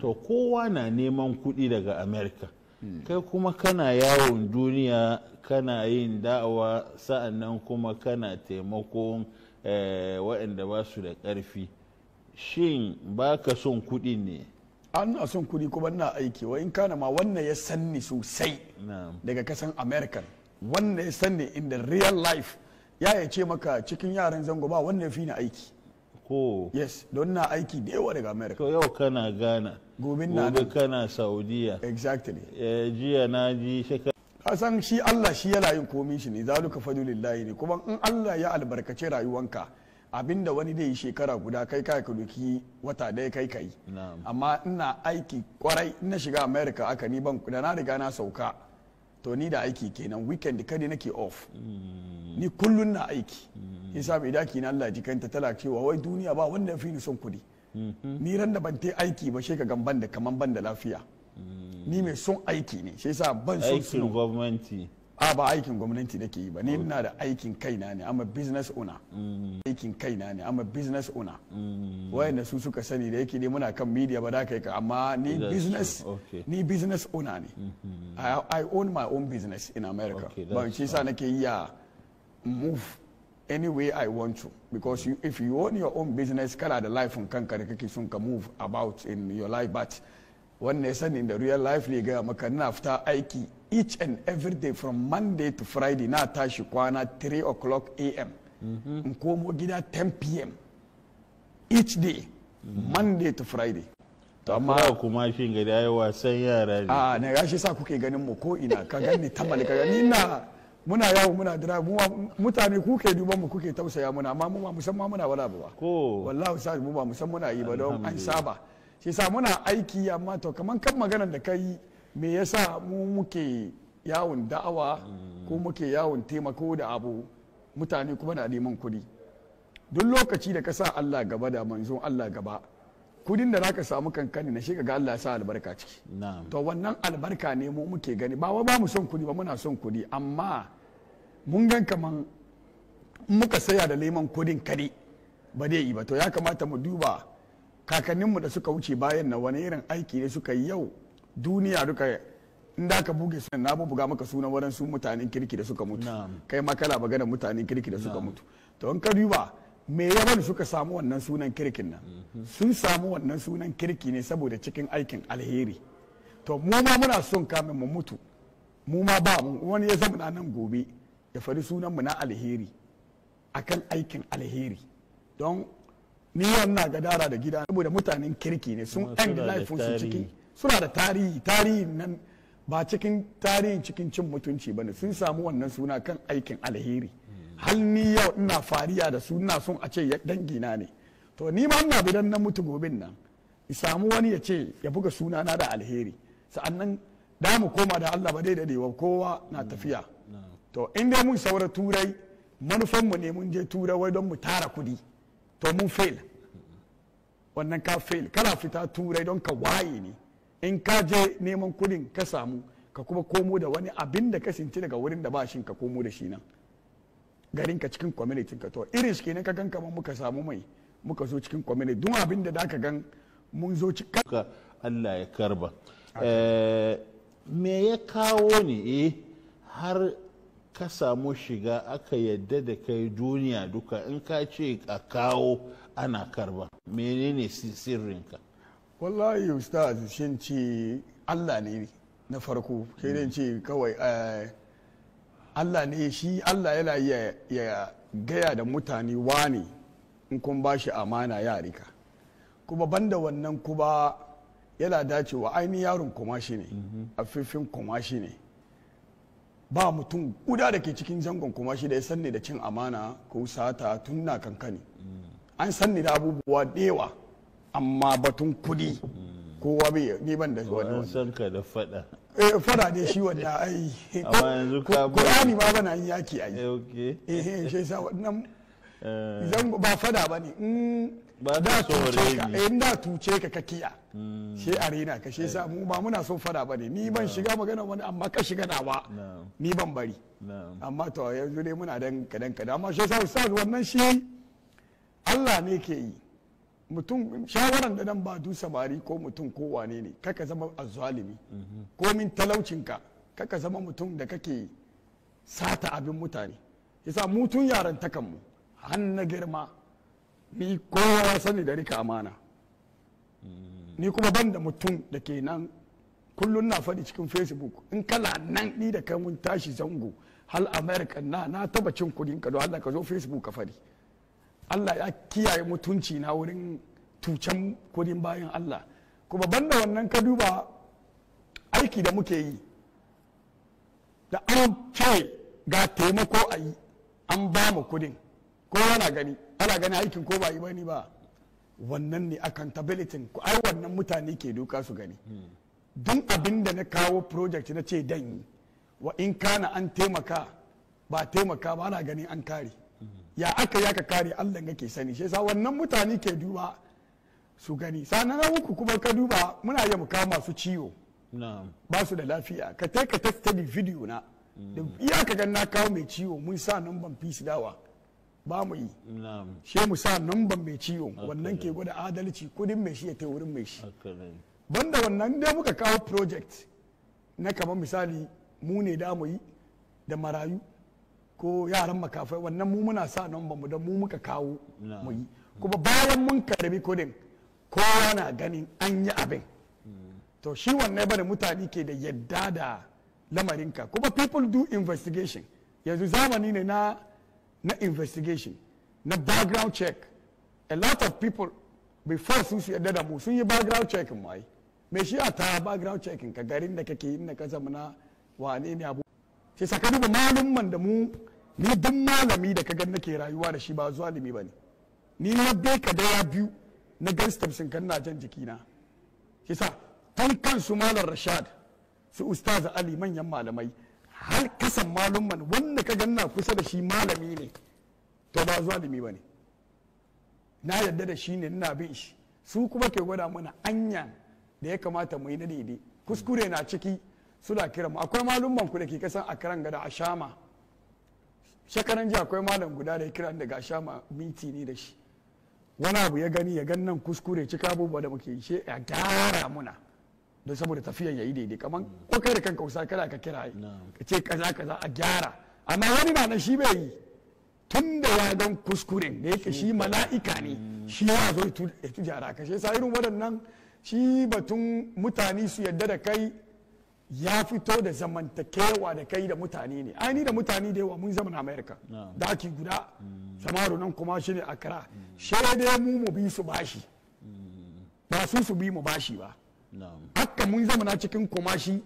to kowa na neman kuɗi daga amerika hmm. kai kuma kana yawon duniya kana yin da'awa sa'annan kuma kana taimakon eh, waɗanda ba su da ƙarfi shin ba ka son kuɗi ne ana son kuɗi kuma na aiki wa in kana ma wannan ya sanni sosai daga kasan american wannan ya sanni in the real life ya ya ce maka cikin yaran zango ba wannan ya fi ni aiki ko yes don na aiki da yawa daga america yau kana ghana gobe na gobe kana saudiya exactly eh, jiya na ji shaka kasan shi allah shi yana yin komi shi ne zalika layi ne kuma in allah ya albarkace rayuwanka abinda wani da yi shekara guda kai kai ka doki wata daya kai kai amma ina aiki kwarai ina shiga america aka ni ban da na riga na sauka to ni da aiki kenan weekend kada nake off mm. ni kullun na aiki sa mai daki na Allah ta tala cewa wai duniya ba wanda ya fi ni son kuɗi ni ran da ban ta aiki ba shi ka ban da kaman ban da lafiya ni mai son aiki ne shi yasa ban son aikin gwamnati a ba aikin gwamnati nake yi ba ni ina da aikin kaina ne amma business owner aikin kaina ne amma business owner wayanda su suka sani da yake ne muna kan media ba da kai ka amma ni business ni business owner ne i own my own business in america ba shi yasa nake yi ya move any way I want to. Because you, if you own your own business, kana da life in da kake son ka move about in your life. But when they send in the real life ne gaya maka na fita aiki each and every day from Monday to Friday na tashi kwana 3 o'clock a.m. Mm-hmm. nkomo gida 10 p.m. each day mm-hmm. Monday to Friday. amma kuma shi ga da wasan yara ne a ah, na gashi sa kuke ganin mu ko ina ka gani tamale ka gani na muna yawo muna dira mutane ku ke duban mu kuke tausaya muna amma mu ba musamman muna wala ba ko wallahi sai mu ba musamman muna yi ba don an saba shi sa muna aiki amma to kaman kan maganar da kai me yasa mu muke yawon da'awa ko mm. muke yawon taimako da abu mutane kuma na neman kuɗi duk lokaci da ka sa Allah gaba da manzon Allah gaba kudin da zaka samu kankani na shiga ga Allah ya sa albarka ciki to wannan albarka ne mu muke gani ba wa ba mu son kudi ba muna son kudi amma mun gan kaman muka saya da leman kudin kare ba dai ba to ya kamata mu duba kakanninmu da suka wuce bayan na wani irin aiki ne suka yi yau duniya duka in da ka buge sunan na buga maka sunan wadansu mutanen kirki da suka mutu kai ma kala magana mutanen kirki da suka mutu to in ka duba me yawan suka samu wannan sunan kirkin nan mhm. sun samu wannan sunan kirki ne saboda cikin aikin alheri to mu ma muna son kamin mu mutu mu ma ba mu wani ya zama nan gobe ya fari sunanmu na alheri akan aikin alheri don ni wannan gadara da gida saboda mutanen kirki ne sun end life su ciki suna da tarihi tarihi nan ba cikin tarihin cikin cin mutunci bane sun samu wannan suna kan aikin alheri hal ni yau ina fariya da su ina son a ce ya dangina ne to ni ma ina bidan na mutu gobin nan samu wani ya ce ya buga suna na da alheri sa'annan da mu koma da Allah ba dai dadewa kowa na tafiya to in dai mun saura turai mu ne mun je turai wai don mu tara kudi to mun fail wannan ka fail kana fita turai don ka waye ne in ka je neman kudin ka samu ka kuma komo da wani abin da ka sinci daga wurin da ba shin ka komo da shi nan garin ka cikin community ka to irin shi ne ka gan kamar muka samu mai muka zo cikin community duk abin da zaka gan mun zo cikin Allah ya karba eh, me ya kawo ne eh har ka samu shiga aka yadda da kai duniya duka in ka ce a kawo ana karba menene sirrinka wallahi ustaz shin ce allah ne na farko sai ce kawai eh, allah ne shi allah yana ya gaya da mutane wani in kun ba shi amana ya rika kuma banda wannan kuma yana dacewa ainihin yaron kuma shi ne mm-hmm. a fiffin kuma shi ne ba mutum guda da ke cikin zangon kuma shi da ya sanni da cin amana ko sata tun na kankani an sanni da abubuwa dewa amma batun kudi kowa bai ne ban da wani an san ka da fada eh fada ne shi wanda ai amma yanzu ka ba Qur'ani ba bana yaki ai eh, eh eh shi yasa wannan eh. zango ba fada bane mm. ba da tuce ka in eh, da tuce ka ka kiya hmm. she arena ka she sa mu ba muna son fada ne ni ban shiga magana wani amma ka shiga nawa ni ban bari amma to yanzu dai muna dan kadan kadan amma she sa ustaz wannan shi Allah ne ke yi mutum shawaran da dan ba du samari ko mutum ko wane ne kaka zama azzalimi mhm. ko min talaucinka kaka zama mutum da kake sata abin mutane yasa mutun yaran takan mu har na girma ni kowa sani da rika amana ni kuma ban da mutum da ke nan kullum na faɗi cikin facebook in kala nan ni da kai mun tashi zango hal america na na taba cin kudin ka don allah ka zo facebook ka faɗi allah ya kiyaye mutunci na wurin tucen kudin bayan allah kuma banda wannan ka duba aiki da muke yi da an ce ga taimako a yi an ba mu kudin kowa yana gani ana gani aikin ko ba yi ba wannan ne accountability ko ai wannan mutane ke duka su gani duk abin da na kawo project na ce dan yi wa in kana an taimaka ba taimaka ba ana gani an kare ya aka ya ka kare Allah ga ke sani shi yasa wannan mutane ke duba su gani sanan na uku kuma ka duba muna iya mu masu ciwo ba su da lafiya ka ta ka ta video na da iya ka ga na kawo mai ciwo mun sa nan ban fi su dawa ba mu yi she mu sa ban mai ciwo wannan ke gwada adalci kudin mai shi ya ta wurin mai shi banda wannan dai muka kawo project na kamar misali mu ne da mu yi da marayu ko yaran makafai wannan mu muna sa ban mu don mu muka kawo mu yi kuma bayan mun karbi kudin kowa na ganin an yi abin hmm. to shi wannan bane mutane ke da yadda da lamarinka kuma people do investigation yanzu zamani ne na na investigation na background check a lot of people before sun su yadda da mu sun yi background check mu ai me shi a ta background check ka garin da kake yi ka zama na wane ne abu sai saka duba malumman da mu ni duk malami da ka ga nake rayuwa da shi ba limi bane ni na dai ka da biyu na gan sun kan na jan jiki na? shi sa tan su malam rashad su ustaza ali manyan malamai har kasan malumman wanda ka ganna kusa da shi malami ne to ba limi ba ne na yadda da shi ne nuna bin shi su kuma ke gwada mana anya da ya kamata mu yi na daidai kuskure na ciki suna kira mu akwai malumman ku da ke kasan akran gada a shama shekaran ji akwai malam guda da ya kira daga shama miti ne da shi wani abu ya gani ya gan nan kuskure cika abubuwa da muke yi shi ya gyara muna don saboda tafiyan yayi daidai kaman mm. ko kai da kanka usa kada ka kira ka ce kaza kaza a gyara amma wani na shi bai yi tun da ya dan kuskuren da yake shi mala'ika ne mm. shi ya zo ya tu gyara ka shi irin waɗannan shi batun mutane su yadda da kai ya fito da zamantakewa da kai da mutane ne ni da mutane da yawa mun zama na america daki guda mm. samaru nan kuma shi ne shi dai mu mu bi su bashi ba su su bi mu bashi ba haka mun zama na cikin kumashi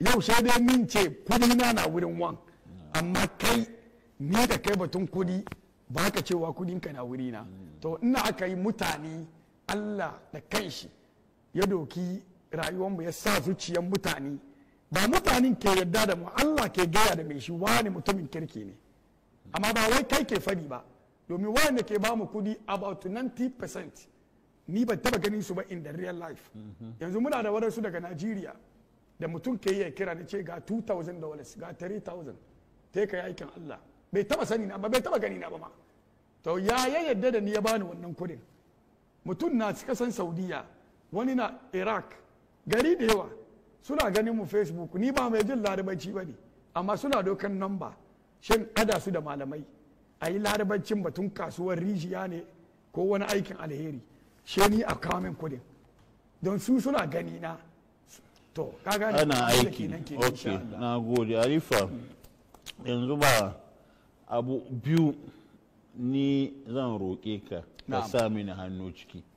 yau sai dai min ce kudi na na wurin wan amma kai ni da kai batun kudi ba ka cewa kudinka na wuri na mm. to ina aka yi mutane allah da kanshi ya doki rayuwarmu ya sa zuciyar mutane ba mutane ke yarda da mu allah ke gaya da mai shi wani mutumin kirki ne amma ba wai kai ke fadi ba domin wanda ke ba mu kudi about 90% ni ban taba ganin su ba in the real life yanzu muna da su daga Najeriya da mutum ke yi kira ni ce ga 2000 dollars ga 3000 te ka aikin Allah bai taba sani na ba bai taba gani na ba ma to ya ya yadda da ni ya bani wannan kudin mutum na san Saudiya wani na Iraq gari da yawa suna ganin mu Facebook ni ba mai jin larabanci ba ne amma suna dokan namba shan ada su da malamai a yi larabancin batun kasuwar rijiya ne ko wani aikin alheri she ni a kawo min kudin don su suna gani na to kaga ana aiki ok na gode arifa yanzu ba abu biyu ni zan roƙe ka ka sa mini hannu ciki